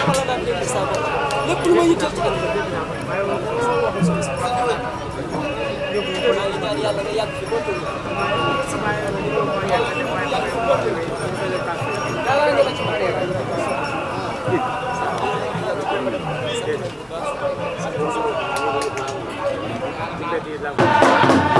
dama la daan déglu saa bopp lépp lu ma yitteel ci maa ngi yàlla nga yàgg fi bokkul yàlla nga la ci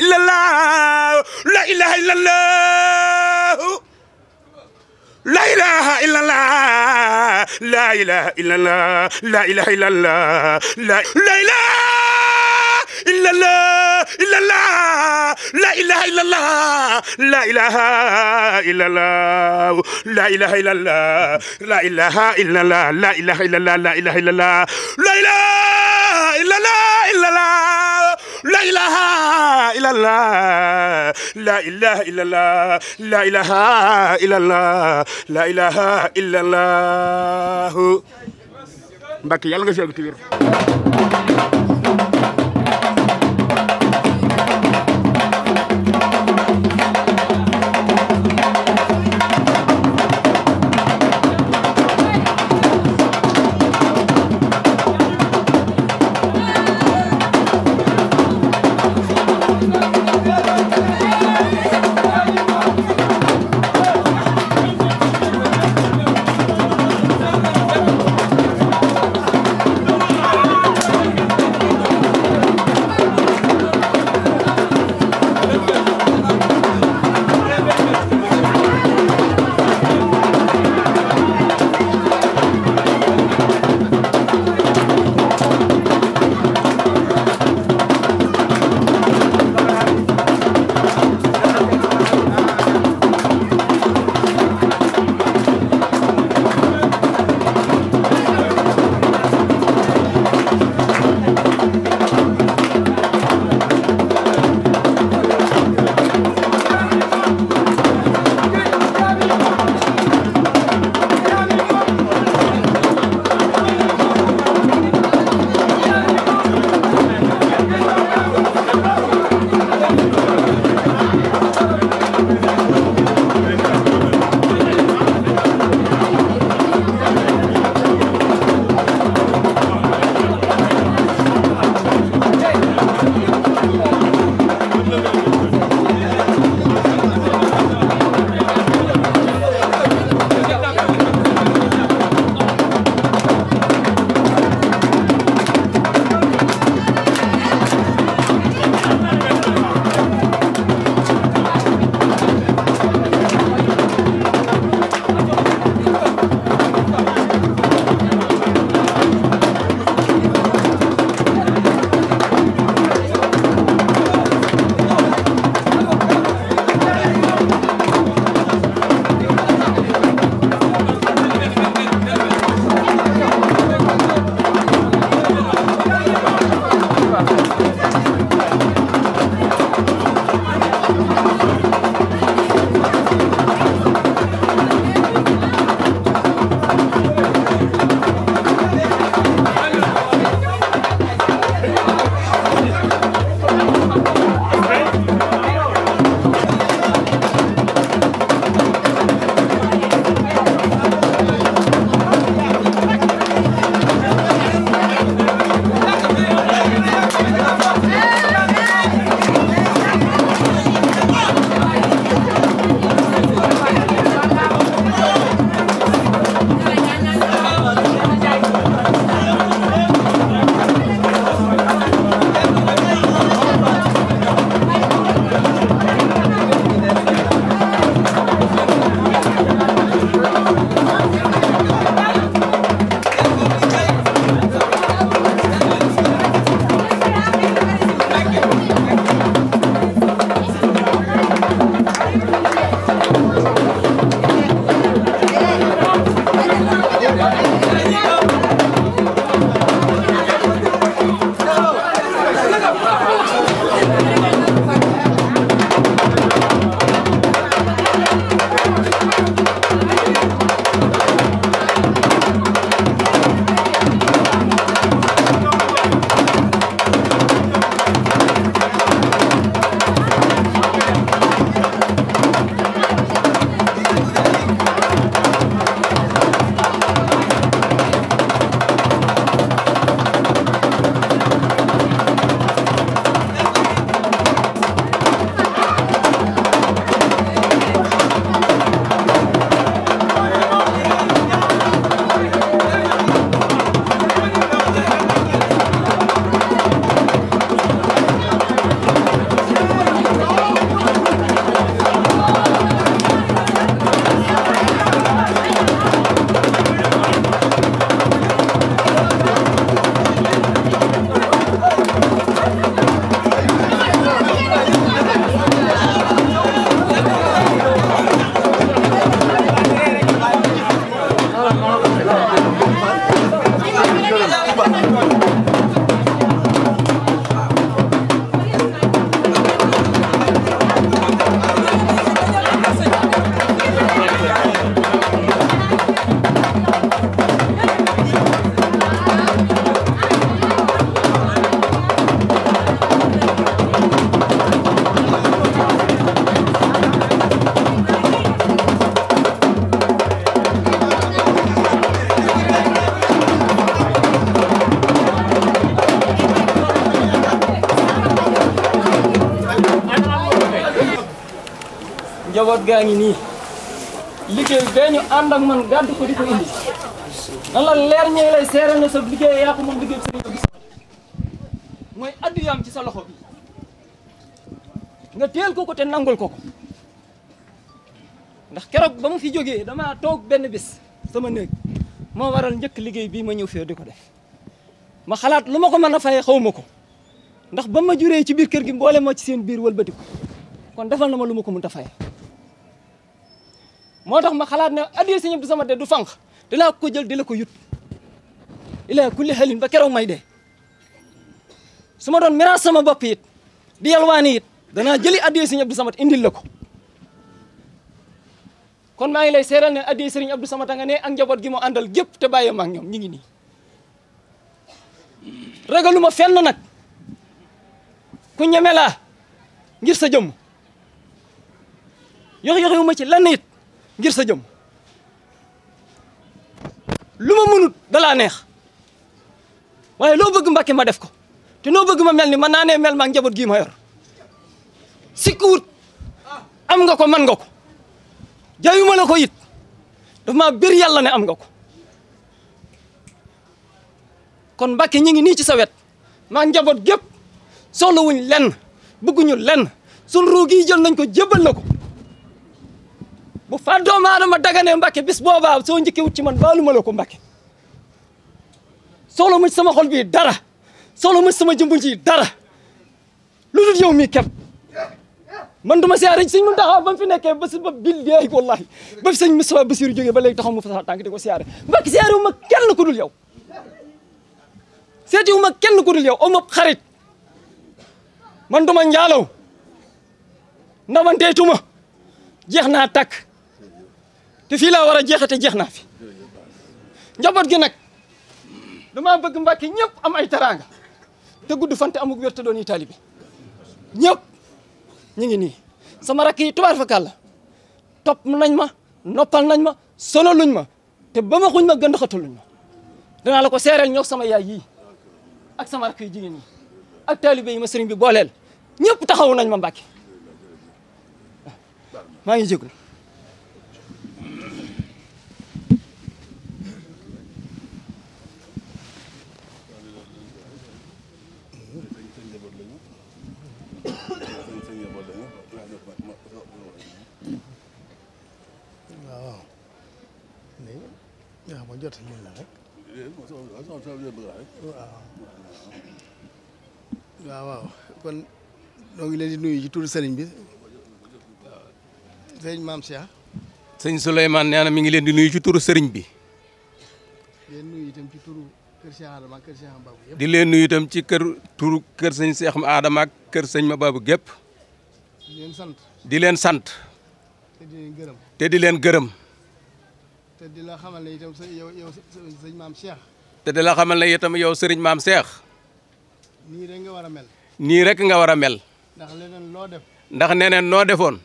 illallah la ilaha illallah la ilaha illallah la ilaha illallah la ilaha illallah la ilaha illallah illallah la ilaha illallah la ilaha illallah la ilaha illallah la ilaha illallah la ilaha illallah la ilaha illallah la ilaha illallah la ilaha illallah la ilaha illallah la ilaha illallah la ilaha illallah Mbacke yàlla nga fi yàgg ci wér njaboot gaa ngi nii liggéey bee ñu ànd ak man gàddu ko di ko indi nan la leer ñi lay seeral ne sa liggéey yaa ko liggéey mooy addu ci sa loxo bi nga teel ko ko te ko ko ndax keroog ba mu fi jógee damaa toog benn bis sama néeg moo waral njëkk liggéey bii ma ñëw fee di ko def ma xalaat lu ma ko mën a fayee xaw ko ndax ba ma juree ci biir kër gi mboole ma ci seen biir wëlbatiku kon defal na ma lu ma ko mënta fayee moo tax ma xalaat ne addiya Sëñ Abdou Samad de du fànq dinaa ko jël di la ko yut ila kulli halin ba keroog may de su ma doon miraas sama bopp it di yalwaani it danaa jëli addiya Sëñ Abdou Samad indil la ko kon maa ngi lay seeral ne addiya Sëriñ Abdou Samad nga ne ak njaboot gi mu àndal gépp te bàyyi ma ak ñoom ñu ngi nii ragaluma fenn nag ku ñeme laa ngir sa jëmm yox yox yu ma ci lan it ngir sa jëm lu ma mënut dalaa neex waaye loo bëgg Mbàkke ma def ko te noo bëgg ma mel ni man naa nee mel maa njaboot gii ma yor sikkuwut am nga ko man nga ko jaayuma la ko yit daf maa bir yàlla ne am nga ko kon Mbàkke ñi ngi nii ci sa wet maa njaboot gépp soxlawuñ lenn bëgguñu lenn sun ruu gi jël nañ ko jébbal la ko bu fa doomu aadama daganee Mbàkke bis booba soo njëkkee wut ci man baalu ma la ko Mbàkke soxla mu sama xol bii dara soxla mu sama jëmbuñ ji dara lu dul yow mii képp man duma siyaare sëñ Muntaxa ba fi nekkee ba si ba billahi wallahi ba fi sëñ Moustapha Bassirou jógee ba léegi taxaw ma fa sax tànk di siyaare Mbàkke siyaare wu ma kenn ku dul yow seeti wu ma kenn ku dul yow aw ma xarit man duma njaalaw ndawanteetuma jeex naa takk te fii laa war a jeexate jeex na fi njaboot gi nag dama bëgg Mbàkke ñëpp am ay teraanga te gudd fante amuk wér te doon yi taalibe ñëpp ñu ngi nii sama rakk yi tubaar fakàl la topp nañ ma noppal nañ ma solo luñ ma te ba ma xuñ ma gën doxatu luñ ma danaa la ko seereel ñoo sama yaay yii ak sama rakk yu jigéen ñi ak taalibe yi ma sëriñ bi booleel ñëpp taxaw nañ ma Mbàkke maa ngi jégul jot lii la rek. waaw. sëriñ bi. sëriñ maam Cheikh. sëñ Souleymane nee na mi ngi leen di nuyu ci turu sëriñ bi. di leen nuyu itam ci kër Cheikh Adama ak kër di leen nuyu itam ci kër turu kër sëñ Cheikh Adama ak kër sëñ gépp di leen sant. di leen sant. te te di leen gërëm. te di la xamal ne itam yow yow Cheikh. te di la xamal ne itam yow sëriñ maam Cheikh. nii rek nga war a mel. nii rek nga war a mel. ndax leneen loo def. ndax neneen noo defoon.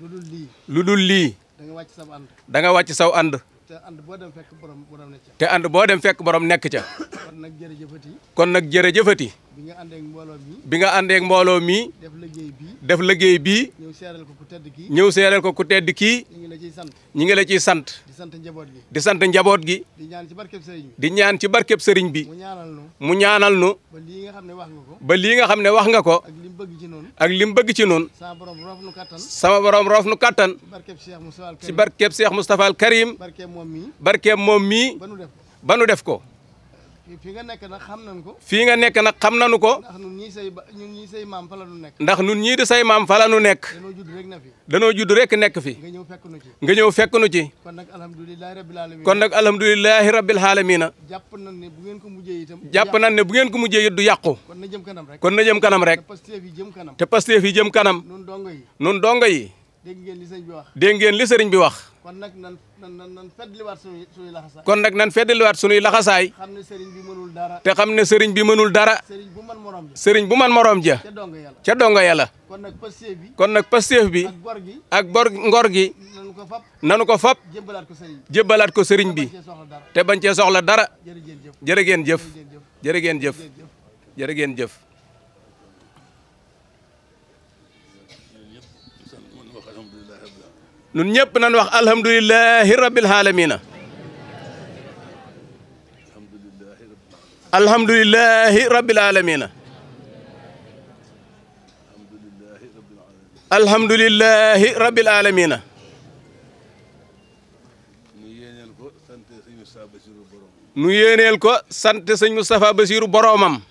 lu dul lii. lu dul lii. da wàcc saw ànd. da nga wàcc saw ànd. te ànd boo dem fekk borom borom nekk ca. te ànd boo dem fekk borom nekk ca. kon nag jërëjëfati. kon nag jërëjëfati. bi nga àndee ak mi. bi nga àndee ak mbooloo mi. def liggéey bi def liggéey bi. ñëw seereel ko ku tedd kii. ñëw seereel ko ku tedd kii. ñu ngi la ciy sant. ñu ngi la ciy sant. di sant njaboot gi. di sant njaboot gi. di ñaan ci barkeb sëriñ bi. di ñaan ci barkeb sëriñ bi. mu ñaanal nu. mu ñaanal nu. ba lii nga xam ne wax nga ko. ba lii nga xam ne wax nga ko. ak lim bëgg ci noonu. ak lim bëgg ci noonu. sama borom roof nu kattan. sama borom roof nu kattan. ci barkeb Cheikh Moustapha Al Karim. barkeb Cheikh Moustapha Al Karim. barkeb moom mii. ba nu def ko fii nga nekk nag xam nañu ko. fii nga nekk nag xam nañu ko. ndax ñun ñii say ñun ñii say maam fa la nekk. ndax ñun ñii say maam fa la ñu nekk. danoo judd rek nekk fi. danoo judd rek nekk fi. nga ñëw fekk nu ci. nga ñëw fekk nu ci. kon nag alhamdulilahi rabbil alamin. kon nag alhamdulilahi rabbil alamin. jàpp nañ ne bu ko mujjee jàpp nañ ne bu ngeen ko mujjee it du yàqu. kon na jëm kanam rek. kon na jëm kanam rek. te Pastef yi jëm kanam. te Pastef yi jëm kanam. nun dongo yi. nun dongo yi. ngeen li bi wax. kon nag nan nan nan feddliwaat suñuy suñuy laxasaay. kon nag nan feddliwaat suñuy laxasaay. xam ne sëriñ bi mënul dara. te xam ne sëriñ bi mënul dara. sëriñ bu man morom ja. bu man morom ja. ca donga yàlla ca donga kon nag pasteef bi. kon nag pasteef bi. ak gi ak gor ngor gi. nanu ko fap nanu ko fap. jébbalaat ko sëriñ bi ko sëriñ bi. te bañ cee soxla dara. jërë ngeen jëf jërë ngeen jëf. jërë ngeen jëf jërë ngeen jëf. nun ñëpp nan wax alhamdulilahi rabbil aalamiina alhamdulilahi rabbil aalamiina alhamdulilahi rabbil aalamiina nu yéeneel ko sant sëñ Moustapha Bassirou boroomam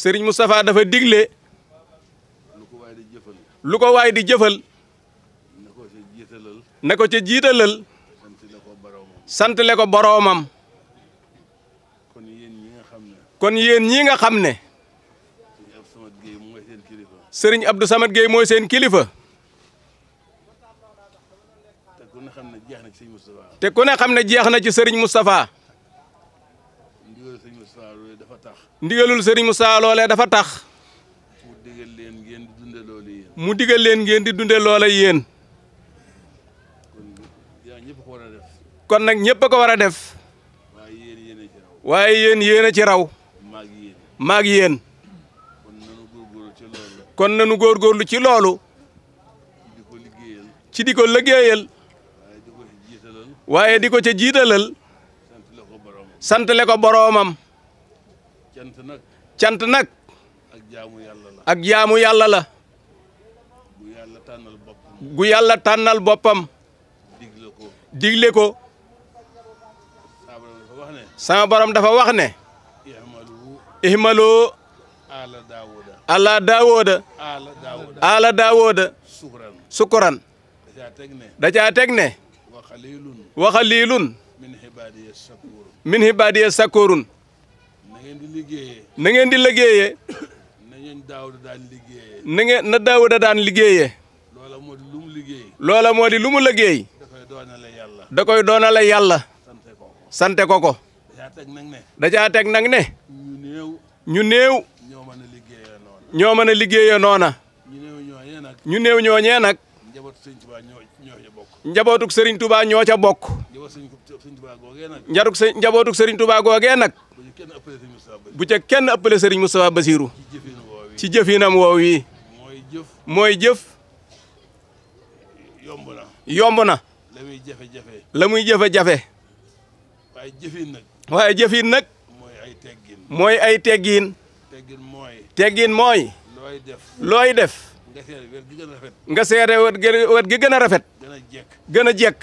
sëriñ Moustapha dafa digle lu ko waay di jëfal na ko ca jiitalal sant le ko boroomam kon yéen ñi nga xam ne sëriñ Abdou Samad Gueye mooy seen kilifa te ku ne xam ne jeex na ci sëriñ Moustapha ndigalul sëriñ Moustapha loolee dafa tax. mu digal leen ngeen mu digal leen ngeen di dunde loola yéen kon nag ñëpp a ko war a def waaye yéen yéen ci raw maak yéen kon góor góorgóorlu ci loolu ci di ko liggéeyal waaye di ko ca jiitalal santale ko boroomam cant nag ak jaamu yàlla ak jaamu yàlla la gu yàlla tànnal boppam digle ko digle ko sama borom dafa wax ne ihmaloo ala daawooda ala daawooda sukuran da caa teg ne wa xaliilun min xibaadiya sakoorun na ngeen di liggéeyee na ngeen na daawuda daan liggéeyee loola moo di lu mu liggéey. da koy doonale yàlla. sante ko ko. da caa teg nag ne. ñu néew. ñoo mën a liggéeyee noona. ñu néew ñooñee nag. njabootuk Serigne Touba ñoo ca bokk. njaruk së njabootuk Serigne Touba googee nag. bu ca kenn ëppale Serigne Moustapha Bassirou. ci jëfinam woow yi. mooy jëf. yomb na yomb na. la muy jafe-jafe. la muy jafe-jafe. waaye jëfin nag. waaye jëfin nag. mooy ay teggin. mooy ay teggin. teggin mooy. teggin mooy. looy def. looy def. nga seere wet gi rafet. nga seere wet gi gën a rafet. gën a gën a jekk.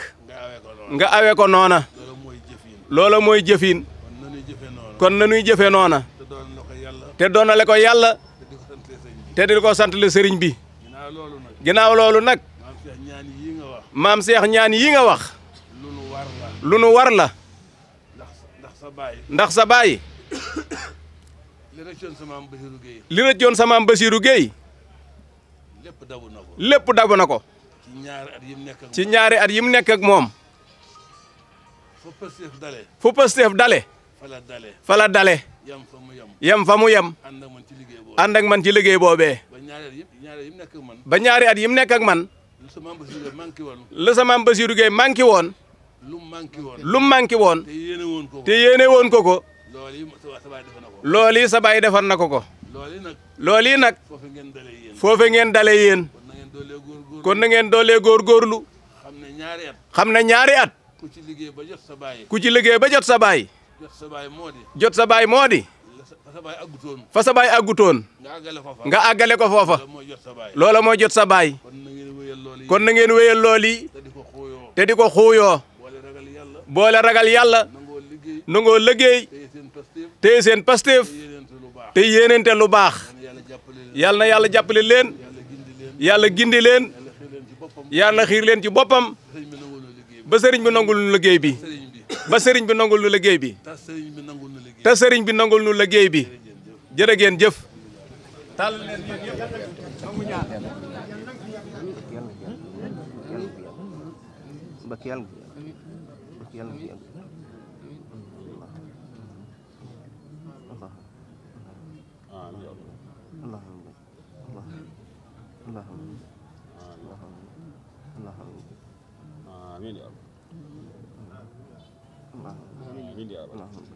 nga awee ko noona. nga awee ko noona. loola mooy jëfin. mooy jëfin. kon nanuy jëfee noona. kon nanuy jëfee noona. te doonale ko yàlla. te doonale ko ko sant sëriñ bi. ginnaaw loolu nag. maam seex ñaan yii nga wax lu nu war la lu nu war ndax sa baay ndax sa baay li rëccoon sa maam Basiiru Géey li rëccoon sa maam lépp dabu na ko lépp dabu na ko ci ñaari at yim nekk ak moom fu Pastef dale fu Pastef dale fala dale fala dale yam fa mu yam yam fa mu yam ànd ak man ci liggéey boobe ba ñaari at yim nekk ak ba ñaari at yim nekk ak man la sa maam Bassirou Gueye manqué woon lu mu manqué woon te yéene woon ko ko loolu yi sa baay defar na ko ko loolu yi nag foofe ngeen dale yéen kon na ngeen doolee góorgóorlu xam na ñaari at ku ci liggéey ba jot sa baay ku ci liggéey ba jot sa baay jot sa baay moo di fa sa baay àggutoon nga àggale ko foofa loola mooy jot sa baay kon na ngeen wéyal lool yi te di ko xuuyoo boole ragal yàlla nangoo liggéey téye seen pasteef te yéenente lu baax yàlla na yàlla jàppale leen yàlla gindi leen yàlla xiir leen ci boppam ba sëriñ bi nangul nu liggéey bi ba sëriñ bi nangul nu liggéey bi te sëriñ bi nangul nu liggéey bi jërë ngeen jëf tàll leen ñëpp nangu barke yàlla barke yàlla nga fi yàgg allahumma allahumma allahumma amin ya